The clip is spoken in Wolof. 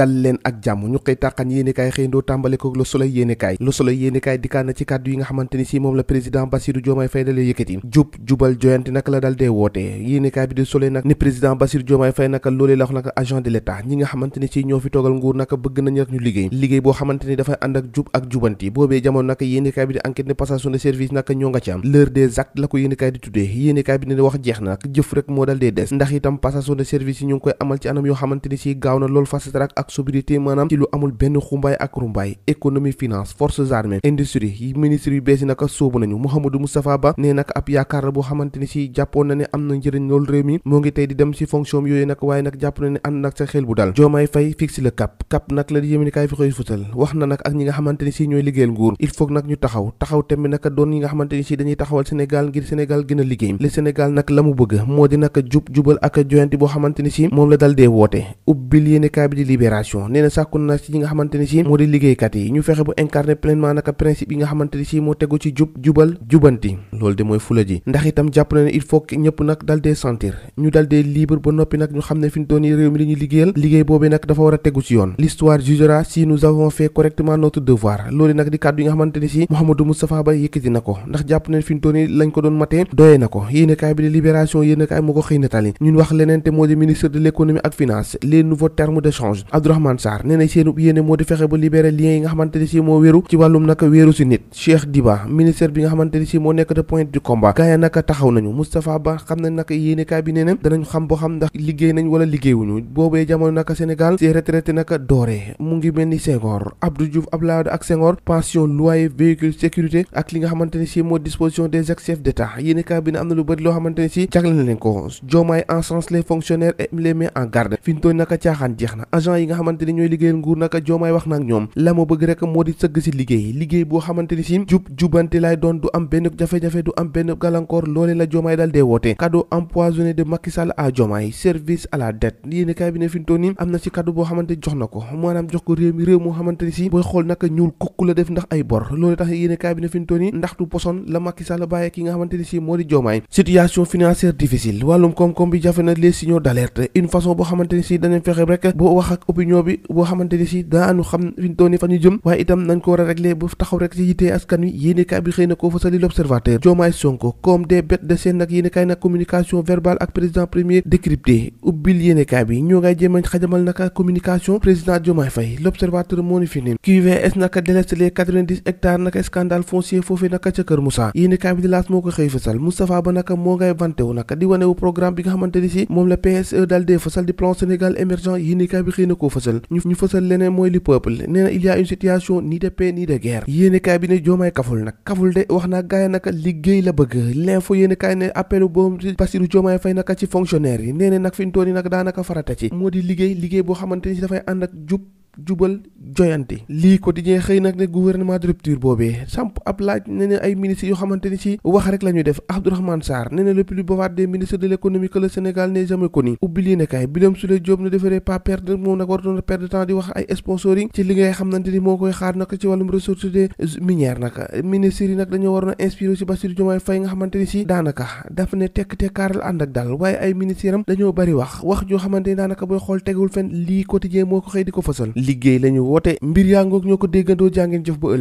dal leen ak jàmm ñu koy tàqan yéenekaay xëy ndoo tàmbale ko Soleil yéenekaay Le Soleil yéenekaay na ci kàddu yi nga xamante si moom la président Bassirou Diomaye Faye naka la la wax naka agent de l'État ñi nga xamante si ñoo fi toogal nguur naka bëgg nañu rek ñu liggéey boo xamante dafay ànd ak jub ak jubanti boobee jamono naka yéenekaay bi di enquête ne passation de service naka ñoo nga ci am l'heure des la ko yéenekaay di tuddee yéenekaay bi ne wax jeex sobriété maanaam ci lu amul benn xumbaay ak rumbaay économie finance forces armées industrie yi ministre yu bees yi naka soobu nañu Mouhamadou Moustapha Ba ne nag ab yaakaar la boo xamante ni si jàppoon na ne am na njëriñ loolu réew mi moo ngi tey di dem si fonction yooyu nag waaye nag jàpp na ne ànd nag sa xel bu dal Diomaye Faye fixe le cap cap nag la di yéminikaay fi futal wax na nag ak ñi nga xamante ni si ñooy liggéeyal nguur il faut nag ñu taxaw taxaw tamit nag doon nga xamante ni si dañuy taxawal Sénégal ngir Sénégal gën a liggéey le Sénégal nag la mu bëgg moo di nag jub jubal ak joyanti boo xamante ni si moom la dal dee woote ubbil yéenekaay bi di formation sàkku na ci ñi nga xamante ni moo di liggéeykat yi ñu fexe bu incarner pleinement naka principe yi nga xamante ni moo tegu ci jubal jubanti loolu de mooy fula ji ndax itam jàpp na ne il faut ci yoon l'histoire jugera si nous avons fait correctement notre devoir loolu nag di kàddu yi nga xamante ni si Mouhamadou Ba yëkkati na ko ndax jàpp na ne fi ñu lañ ko doon matee doyee na ko yéenekaay bi di libération yéenekaay moo ko Abdourahmane Sarr nee na seenub yéene moo di fexe ba moo wéru ci wàllum naka xam nañ naka yéene kaay bi nee na danañ xam boo xam ndax liggéey nañ wala liggéeyuñu boobee jamono mu ngi mel ni Senghor Abdou Diouf Abdoulaye ak Senghor pension loyer véhicule sécurité ak li nga xamante ni si moo disposition des ex chefs d'état yéene kaay bi ne am na lu bëri loo xamante ni si jagle na leen ko Diomaye encense les fonctionnaires et les en garde fi naka caaxaan jeex na nga xamante ni ñooy liggéeyal nguur naka joomaay wax nag ñoom la ma bëgg rek moo di sëgg si liggéey liggéey boo xamante si jub jubante lay doon du am benn jafe-jafe du am benn gàllankoor loole la joomaay dal dee woote cadeau empoisonné de Macky Sall joomaay service à la dette yéeni bi ne fintoon am na si cadeau boo xamante jox na ko maanaam jox ko réew mi réew moo xamante ni si booy xool naka ñuul kukk la def ndax ay bor loolu tax yéeni kaay opinion bi boo xamante ni si daanu xam fi fa ñu jëm waaye itam nañ ko war a régler bu taxaw rek ci yittee askan wi yéene bi xëy na koo fasali l'observateur Diomaye Sonko comme des bêtes de nag yéene kaay nag a xajamal naka communication président Diomaye Faye l'observateur moo ni fi ni QVS naka déleste les 90 hectares naka scandale foncier foofee naka ca Kër Moussa yéene bi di laas moo ko xëy fasal Moustapha Ba naka moo ngay vanté fësal ñu ñu fësal leneen mooy li peuple nee na il y a une situation ni de paix ni de guerre yéenekaay bi ne joomaay kaful nag kaful de wax naa gaay naka liggéey la bëgg l'info yéenekaay ne appelu boobu Bassirou Diomaye Faye naka ci fonctionnaire yi nee na nag fi ñu toll nii nag daanaka farata ci moo di liggéey liggéey boo xamante ni si dafay ànd ak jub jubal joyante lii quotidien xëy nag ne gouvernement de rupture boobee samp ab laaj ne ne ay ministres yoo xamante ni ci wax rek la ñu def Abdourahmane Sarr ne ne le plus bavard des ministres de l'économie que Sénégal n'est jamais connu ubbi lii ne kaay Birame Souleye Diop ne defaree pas perdre moom nag war doon perdre temps di wax ay sponsoring ci li ngay moo koy xaar nag ci wàllum ressources des minières nag ministres yi nag dañoo waroon a inspiré ci Bassirou Diomaye Faye nga xamante ni ci daal waaye ay ministres am dañoo bari wax wax joo xamante ni daanaka booy xool tegul fenn lii quotidien moo ko xëy ko fësal liggéey lañu woote mbir yaa ngoog ñoo ko déggandoo jàngeen jëf ba ëllëg